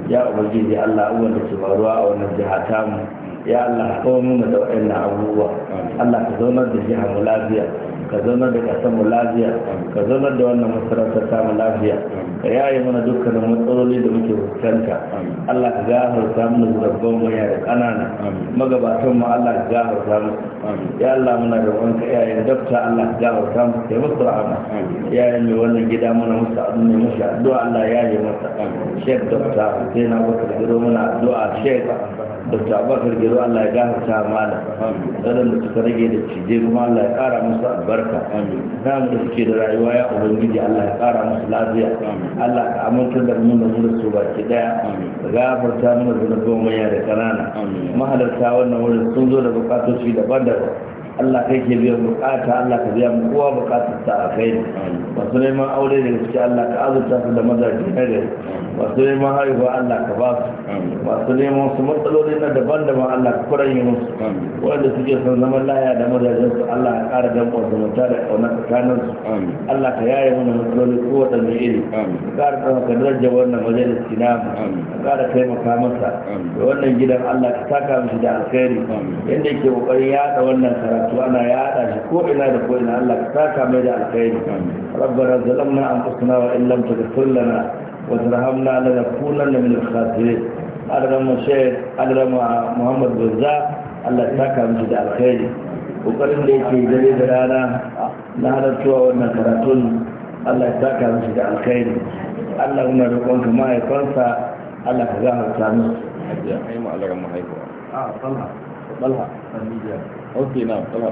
S2: ya ubangiji Allah abubuwan da ke faruwa a wannan jiha ta mu ya Allah kawo mu da waɗannan abubuwa Allah ka zaunar da jiha mu lafiya ka zaunar da ƙasar mu lafiya ka zaunar da wannan masarautar ta mu lafiya ka yaye mana dukkanin matsaloli da muke fuskanta Allah ka gafarta mana zurabban waya da kanana magabatan mu Allah ka gafarta mu ya Allah muna da wanka yayin dafta Allah ka gafarta musu kai musu rahama yayin mai wannan gida muna musu abu ne musu addu'a Allah ya yi masa shek dafta sai na wata gado muna addu'a shek dr abubakar gero allah ya gafarta mana da suka rage da cije kuma allah ya ƙara musu albarka namu da suke da rayuwa ya ubangiji allah ya ƙara musu lafiya allah ka amintar da mu da mu da su baki ɗaya ka gafarta mana zunubin manya da ƙanana mahalarta wannan wurin sun zo da bukatoci daban-daban Allah kai ke biyan bukata Allah ka biya mu kowa bukatar ta a kai masu neman aure da gaske Allah ka azurta su da mazaje na gari masu neman haihuwa Allah ka ba su masu neman su matsaloli na daban-daban Allah ka yi musu wanda suke son zaman laya da mazajen su Allah ka ƙara damƙon zumunta da ƙauna tsakanin su Allah ka yaye mana matsaloli ko waɗanda iri ka ƙara ɗaukar darajar wannan majalis kina ka ƙara taimaka masa da wannan gidan Allah ka taka mishi da alkhairi yadda yake ƙoƙarin yaɗa wannan karatu ana yaɗa shi ko ina da ko ina Allah ka taka mai da alkhairi ربنا ظلمنا أنفسنا وإن لم تغفر لنا وترحمنا لنكونن من الخاسرين أدرم الشيخ أدرم محمد بزاء الله تاكا مجد الخير وقرن ليك جديد لنا نهر سوى ونكرتون الله تاكا مجد الخير اللهم رقمك ما يكونك الله كذاه التامس يا حيما على رمى حيبوا آه طلها طلها ok na kuma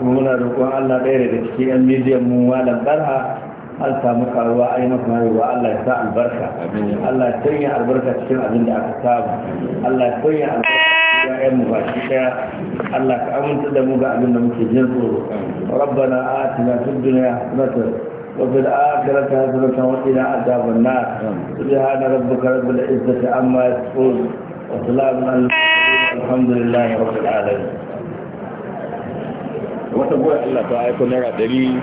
S2: muna roƙon allah ɗaya daga cikin yan midiyan mu malam barha an samu karuwa ai maka ruwa Allah ya sa albarka Allah ya sanya albarka cikin abin da aka samu Allah ya sanya albarka ƴaƴan mu baki ɗaya Allah ka aminta da mu ga abin da muke jin tsoro rabbana atina fid dunya hasanatan وفي الآخرة حسنة وقنا عذاب ta سبحان ربك رب العزة عما يصفون وسلام على الحمد لله رب العالمين wata buwa Allah ta aiko naira dari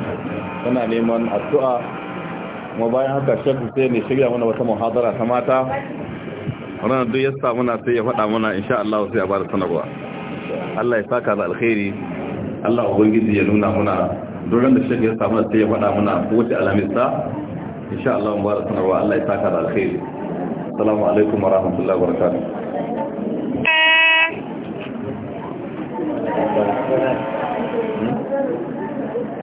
S2: tana neman addu'a kuma bayan haka shek sai ne shirya mana wata muhadara ta mata wannan duk ya samu na sai ya faɗa mana insha Allah sai ya bada sanarwa Allah ya saka da alkhairi Allah ubangiji ya nuna muna duran da shek ya samu na sai ya faɗa mana kowace alamista insha Allah mu bada sanarwa Allah ya saka da alkhairi assalamu alaikum wa rahmatullahi wa barakatuh
S3: Thank eh. you.